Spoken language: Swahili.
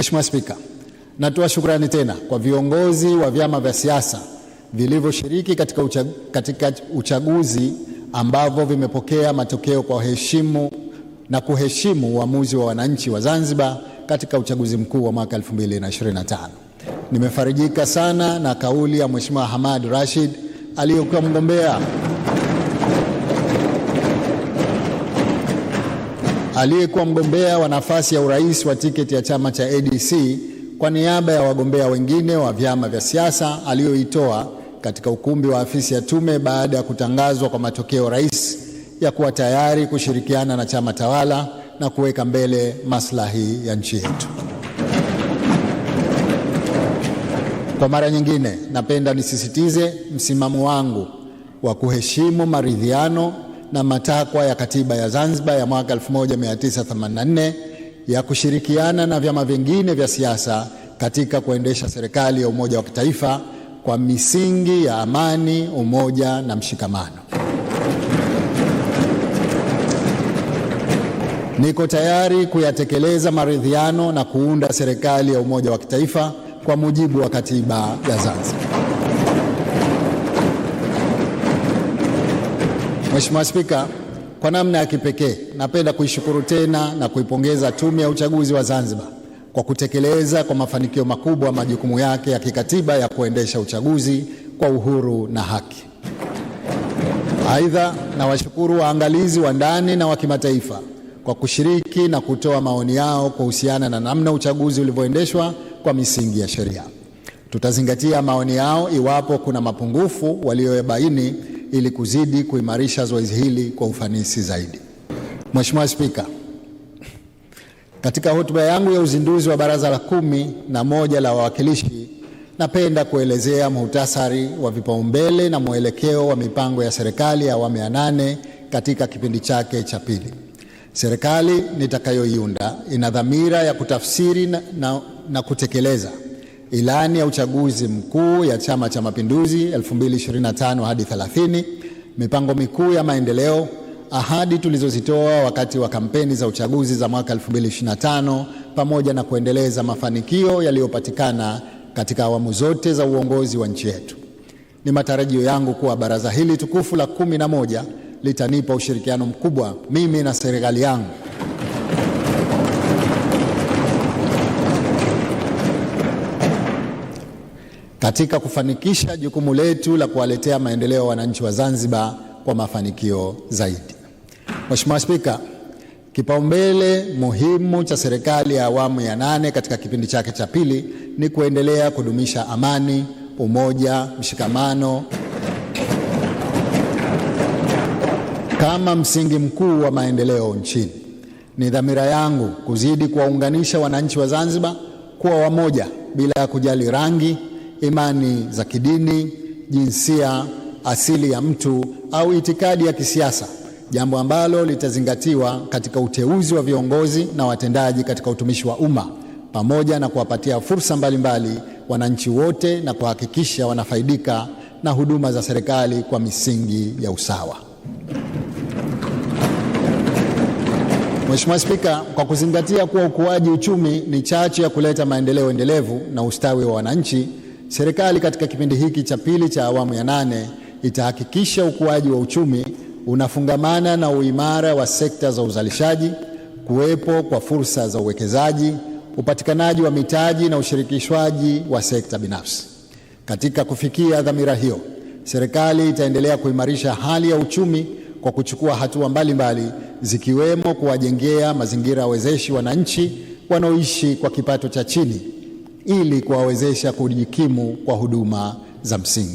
Mheshimiwa Spika, natoa shukrani tena kwa viongozi wa vyama vya siasa vilivyoshiriki katika, ucha, katika uchaguzi ambavyo vimepokea matokeo kwa heshimu na kuheshimu uamuzi wa wananchi wa Zanzibar katika uchaguzi mkuu wa mwaka 2025. Nimefarijika sana na kauli ya Mheshimiwa Hamad Rashid aliyekuwa mgombea aliyekuwa mgombea wa nafasi ya urais wa tiketi ya chama cha ADC kwa niaba ya wagombea wengine wa vyama vya siasa aliyoitoa katika ukumbi wa afisi ya tume baada ya kutangazwa kwa matokeo rais ya kuwa tayari kushirikiana na chama tawala na kuweka mbele maslahi ya nchi yetu. Kwa mara nyingine, napenda nisisitize msimamo wangu wa kuheshimu maridhiano na matakwa ya katiba ya Zanzibar ya mwaka 1984 ya kushirikiana na vyama vingine vya siasa katika kuendesha serikali ya umoja wa kitaifa kwa misingi ya amani, umoja na mshikamano. Niko tayari kuyatekeleza maridhiano na kuunda serikali ya umoja wa kitaifa kwa mujibu wa katiba ya Zanzibar. Mheshimiwa Spika, kwa namna ya kipekee napenda kuishukuru tena na kuipongeza Tume ya Uchaguzi wa Zanzibar kwa kutekeleza kwa mafanikio makubwa majukumu yake ya kikatiba ya kuendesha uchaguzi kwa uhuru na haki. Aidha, nawashukuru waangalizi wa ndani na wa kimataifa kwa kushiriki na kutoa maoni yao kuhusiana na namna uchaguzi ulivyoendeshwa kwa misingi ya sheria. Tutazingatia maoni yao iwapo kuna mapungufu walioyabaini ili kuzidi kuimarisha zoezi hili kwa ufanisi zaidi. Mheshimiwa Spika, katika hotuba yangu ya uzinduzi wa Baraza la kumi na moja la Wawakilishi, napenda kuelezea muhtasari wa vipaumbele na mwelekeo wa mipango ya serikali ya awamu ya nane katika kipindi chake cha pili. Serikali nitakayoiunda ina dhamira ya kutafsiri na, na, na kutekeleza Ilani ya uchaguzi mkuu ya Chama cha Mapinduzi 2025 hadi 30, mipango mikuu ya maendeleo, ahadi tulizozitoa wakati wa kampeni za uchaguzi za mwaka 2025, pamoja na kuendeleza mafanikio yaliyopatikana katika awamu zote za uongozi wa nchi yetu. Ni matarajio yangu kuwa baraza hili tukufu la kumi na moja litanipa ushirikiano mkubwa mimi na serikali yangu katika kufanikisha jukumu letu la kuwaletea maendeleo wananchi wa Zanzibar kwa mafanikio zaidi. Mheshimiwa Spika, kipaumbele muhimu cha serikali ya awamu ya nane katika kipindi chake cha pili ni kuendelea kudumisha amani, umoja, mshikamano kama msingi mkuu wa maendeleo nchini. Ni dhamira yangu kuzidi kuwaunganisha wananchi wa Zanzibar kuwa wamoja bila ya kujali rangi imani za kidini, jinsia, asili ya mtu au itikadi ya kisiasa, jambo ambalo litazingatiwa katika uteuzi wa viongozi na watendaji katika utumishi wa umma, pamoja na kuwapatia fursa mbalimbali mbali wananchi wote na kuhakikisha wanafaidika na huduma za serikali kwa misingi ya usawa. Mheshimiwa Spika, kwa kuzingatia kuwa ukuaji uchumi ni chachu ya kuleta maendeleo endelevu na ustawi wa wananchi Serikali katika kipindi hiki cha pili cha awamu ya nane itahakikisha ukuaji wa uchumi unafungamana na uimara wa sekta za uzalishaji, kuwepo kwa fursa za uwekezaji, upatikanaji wa mitaji na ushirikishwaji wa sekta binafsi. Katika kufikia dhamira hiyo, serikali itaendelea kuimarisha hali ya uchumi kwa kuchukua hatua mbalimbali zikiwemo kuwajengea mazingira ya wezeshi wananchi wanaoishi kwa kipato cha chini ili kuwawezesha kujikimu kwa huduma za msingi.